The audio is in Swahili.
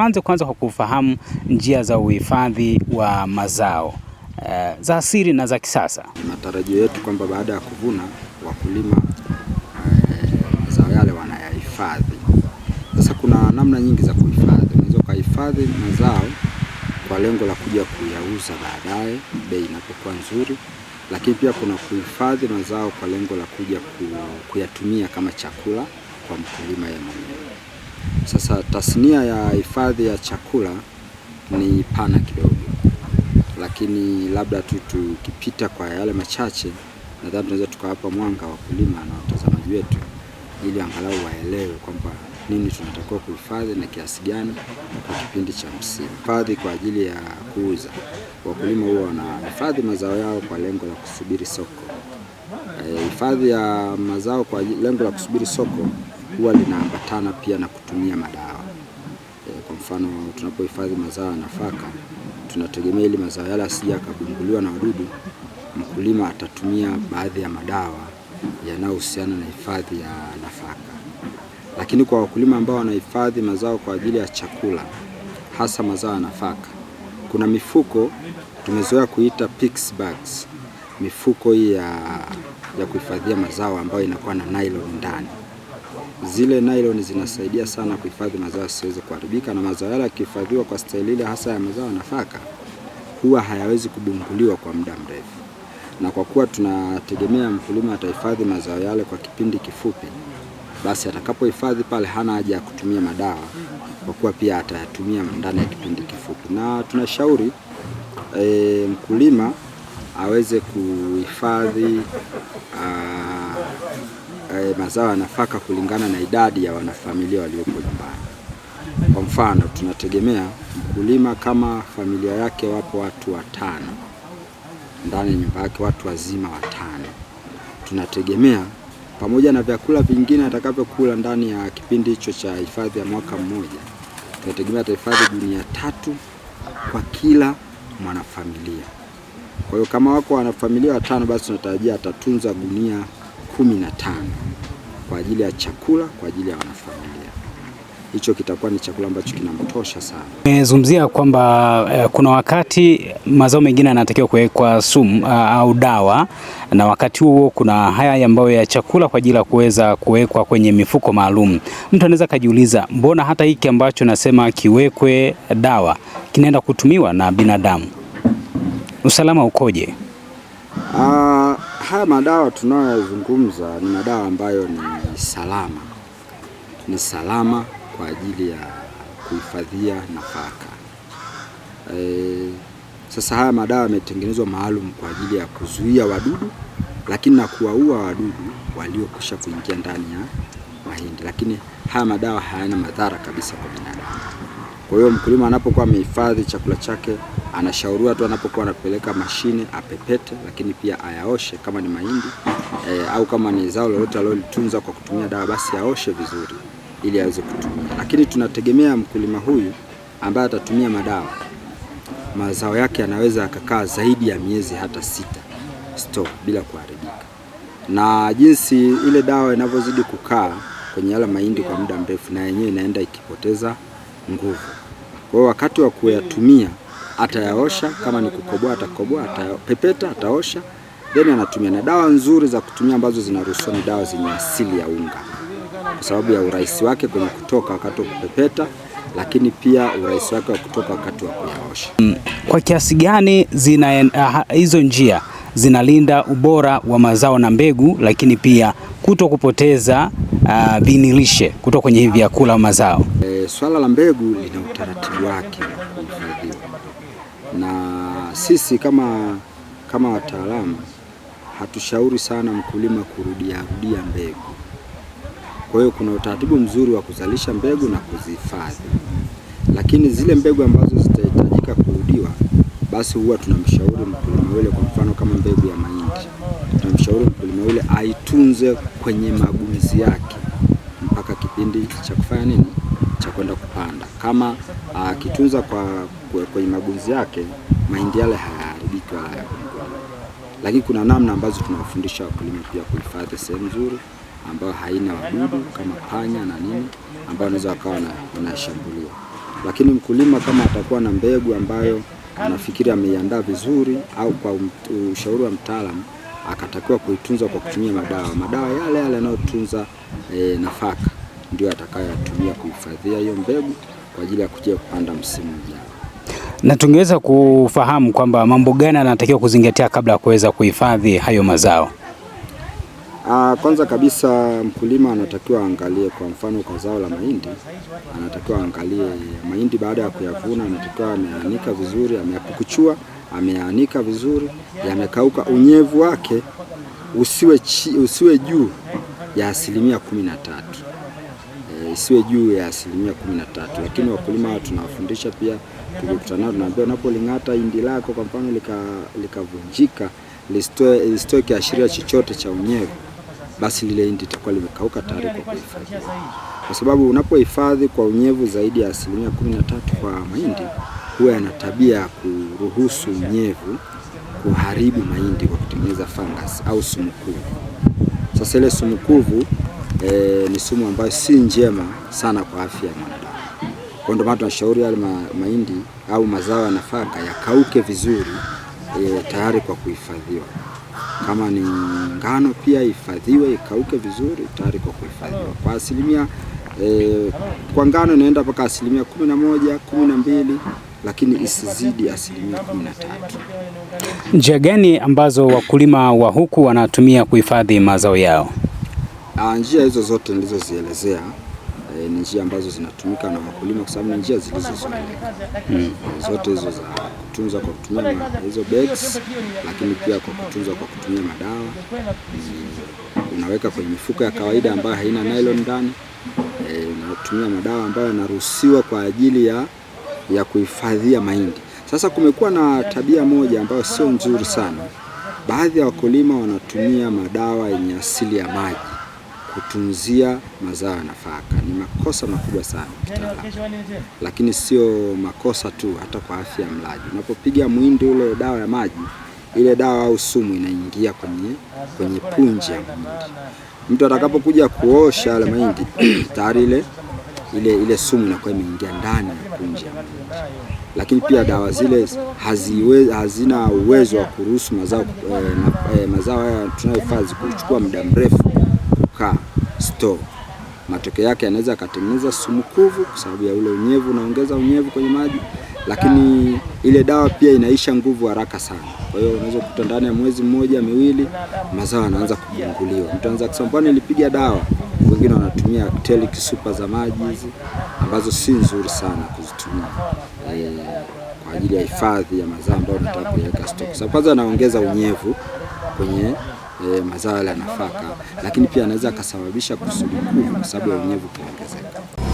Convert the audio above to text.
tuanze kwanza kwa kufahamu njia za uhifadhi wa mazao uh, za asili na za kisasa. Matarajio yetu kwamba baada ya kuvuna wakulima mazao eh, yale wanayahifadhi. Sasa kuna namna nyingi za kuhifadhi. Unaweza ukahifadhi mazao kwa lengo la kuja kuyauza baadaye bei inapokuwa nzuri, lakini pia kuna kuhifadhi mazao kwa lengo la kuja kuyatumia kama chakula kwa mkulima yeye mwenyewe. Sasa tasnia ya hifadhi ya chakula ni pana kidogo, lakini labda tu tukipita kwa yale machache, nadhani tunaweza tukawapa mwanga wakulima na watazamaji wetu, ili angalau waelewe kwamba nini tunatakiwa kuhifadhi na kiasi gani kwa kipindi cha msimu. Hifadhi kwa ajili ya kuuza, wakulima huwa wanahifadhi mazao yao kwa lengo la kusubiri soko. Eh, hifadhi ya mazao kwa lengo la kusubiri soko huwa linaambatana pia na kutumia madawa e, kwa mfano tunapohifadhi mazao ya nafaka tunategemea ili mazao yale asija akabunguliwa na wadudu, mkulima atatumia baadhi ya madawa yanayohusiana na hifadhi ya nafaka. Lakini kwa wakulima ambao wanahifadhi mazao kwa ajili ya chakula, hasa mazao ya nafaka, kuna mifuko tumezoea kuita pix bags, mifuko hii ya, ya kuhifadhia mazao ambayo inakuwa na nylon ndani zile nylon zinasaidia sana kuhifadhi mazao yasiweze kuharibika, na mazao yale yakihifadhiwa kwa staili ile hasa ya mazao ya nafaka huwa hayawezi kubunguliwa kwa muda mrefu, na kwa kuwa tunategemea mkulima atahifadhi mazao yale kwa kipindi kifupi, basi atakapohifadhi pale hana haja ya kutumia madawa, kwa kuwa pia atayatumia ndani ya kipindi kifupi, na tunashauri e, mkulima aweze kuhifadhi ah, eh, mazao ya nafaka kulingana na idadi ya wanafamilia waliopo nyumbani. Kwa mfano, tunategemea mkulima kama familia yake wapo watu watano ndani nyumba yake, watu wazima watano, tunategemea pamoja na vyakula vingine atakavyokula ndani ya kipindi hicho cha hifadhi ya mwaka mmoja, tunategemea atahifadhi gunia tatu kwa kila mwanafamilia. Kwa hiyo kama wako wanafamilia watano, basi tunatarajia atatunza gunia kumi na tano kwa ajili ya chakula kwa ajili ya wanafamilia. Hicho kitakuwa ni chakula ambacho kinamtosha sana. Nimezungumzia kwamba eh, kuna wakati mazao mengine yanatakiwa kuwekwa sumu uh, au dawa, na wakati huo kuna haya ambayo ya chakula kwa ajili ya kuweza kuwekwa kwenye mifuko maalum. Mtu anaweza akajiuliza, mbona hata hiki ambacho nasema kiwekwe dawa kinaenda kutumiwa na binadamu? Usalama ukoje? uh, Haya madawa tunayozungumza ni madawa ambayo ni salama, ni salama kwa ajili ya kuhifadhia nafaka. E, sasa haya madawa yametengenezwa maalum kwa ajili ya kuzuia wadudu, lakini na kuwaua wadudu waliokwisha kuingia ndani ya mahindi, lakini haya madawa hayana madhara kabisa kwa binadamu. Kwa hiyo mkulima anapokuwa amehifadhi chakula chake Anashauriwa tu anapokuwa anapeleka mashine apepete, lakini pia ayaoshe kama ni mahindi e, au kama ni zao lolote alilotunza kwa kutumia dawa, basi aoshe vizuri ili aweze kutumia. Lakini tunategemea mkulima huyu ambaye atatumia madawa, mazao yake anaweza akakaa zaidi ya miezi hata sita store bila kuharibika, na jinsi ile dawa inavyozidi kukaa kwenye yale mahindi kwa muda mrefu, na yenyewe inaenda ikipoteza nguvu. Kwa hiyo wakati wa kuyatumia atayaosha, kama ni kukoboa atakoboa, atapepeta ataosha, then anatumia na dawa nzuri za kutumia ambazo zinaruhusiwa ni dawa zenye asili ya unga, kwa sababu ya urahisi wake kwenye kutoka wakati wa kupepeta, lakini pia urahisi wake wa kutoka wakati wa kuyaosha. Kwa kiasi gani zina uh, hizo njia zinalinda ubora wa mazao na mbegu, lakini pia kuto kupoteza uh, vinilishe kutoka kwenye hivi vyakula mazao. E, swala la mbegu lina utaratibu wake sisi kama kama wataalamu hatushauri sana mkulima kurudia rudia mbegu. Kwa hiyo kuna utaratibu mzuri wa kuzalisha mbegu na kuzihifadhi, lakini zile mbegu ambazo zitahitajika kurudiwa, basi huwa tunamshauri mkulima yule, kwa mfano kama mbegu ya mahindi, tunamshauri mkulima yule aitunze kwenye magunzi yake mpaka kipindi cha kufanya nini cha kwenda kupanda. Kama akitunza kwa kwenye magunzi yake mahindi yale hayaharibiki wala yakungua, lakini kuna namna ambazo tunawafundisha wakulima pia kuhifadhi sehemu nzuri ambayo haina wadudu kama panya na nini ambao wanaweza wakawa wanashambulia. Lakini mkulima kama atakuwa na mbegu ambayo anafikiri ameiandaa vizuri, au kwa ushauri wa mtaalam akatakiwa kuitunza kwa kutumia madawa, madawa yale yale yanayotunza e, nafaka ndio atakayotumia kuhifadhia hiyo mbegu kwa ajili ya kuja kupanda msimu ujao na tungeweza kufahamu kwamba mambo gani anatakiwa kuzingatia kabla ya kuweza kuhifadhi hayo mazao? Ah, kwanza kabisa mkulima anatakiwa aangalie, kwa mfano kwa zao la mahindi, anatakiwa aangalie mahindi baada ya kuyavuna, anatakiwa ameanika vizuri, ameyapukuchua, ameanika vizuri, yamekauka, unyevu wake usiwe, chi, usiwe juu ya asilimia kumi na tatu, eh, isiwe juu ya asilimia kumi na tatu. Lakini wakulima tunawafundisha pia tunakutana tunaambia, unapoling'ata hindi lako kwa mfano likavunjika, lika listoe kiashiria chochote cha unyevu, basi lile hindi litakuwa limekauka tayari kwa kuhifadhi, kwa sababu unapohifadhi kwa unyevu zaidi ya asilimia kumi na tatu kwa mahindi huwa yana tabia ya kuruhusu unyevu kuharibu mahindi kwa kutengeneza fungus au sumukuvu. Sasa ile sumukuvu e, ni sumu ambayo si njema sana kwa afya ya mwanadamu. Kwa ndio maana tunashauri yale ma, mahindi au mazao ya nafaka yakauke vizuri e, tayari kwa kuhifadhiwa. Kama ni ngano pia ihifadhiwe ikauke vizuri tayari kwa kuhifadhiwa. Kwa asilimia e, kwa ngano inaenda mpaka asilimia kumi na moja kumi na mbili lakini isizidi asilimia kumi na tatu. Njia gani ambazo wakulima wa huku wanatumia kuhifadhi mazao yao? Ah, njia hizo zote nilizozielezea e, ni njia ambazo zinatumika na wakulima kwa sababu ni njia zilizozoeleka hmm. Zote hizo za kutunza kwa kutumia hizo bags, lakini pia kwa kutunza kwa kutumia madawa hmm. Unaweka kwenye mifuko ya kawaida ambayo haina nylon ndani e, unatumia madawa ambayo yanaruhusiwa kwa ajili ya, ya kuhifadhia mahindi. Sasa kumekuwa na tabia moja ambayo sio nzuri sana, baadhi ya wakulima wanatumia madawa yenye asili ya maji kutunzia mazao ya nafaka ni makosa makubwa sana kitala. lakini sio makosa tu, hata kwa afya ya mlaji. Unapopiga mwindi ule dawa ya maji, ile dawa au sumu inaingia kwenye, kwenye punje ya mahindi. Mtu atakapokuja kuosha yale mahindi tayari ile ile ile sumu inakuwa imeingia ndani ya punje ya mahindi. Lakini pia dawa zile haziwe, hazina uwezo wa kuruhusu mazao eh, eh, mazao haya tunayohifadhi kuchukua muda mrefu kukaa store. Matokeo yake yanaweza yakatengeneza sumu kuvu kwa sababu ya ule unyevu, unaongeza unyevu kwenye maji, lakini ile dawa pia inaisha nguvu haraka sana. Kwa hiyo unaweza kukuta ndani ya mwezi mmoja miwili mazao yanaanza kubunguliwa. Mtu anaweza kusema bwana, nilipiga dawa. Wengine wanatumia telic super za maji hizi ambazo si nzuri sana kuzitumia e, kwa ajili ya hifadhi ya mazao ambayo unataka kuiweka stock. Kwanza anaongeza unyevu kwenye e, mazao ya nafaka, lakini pia anaweza akasababisha kusulikuu kwa sababu ya unyevu kuongezeka.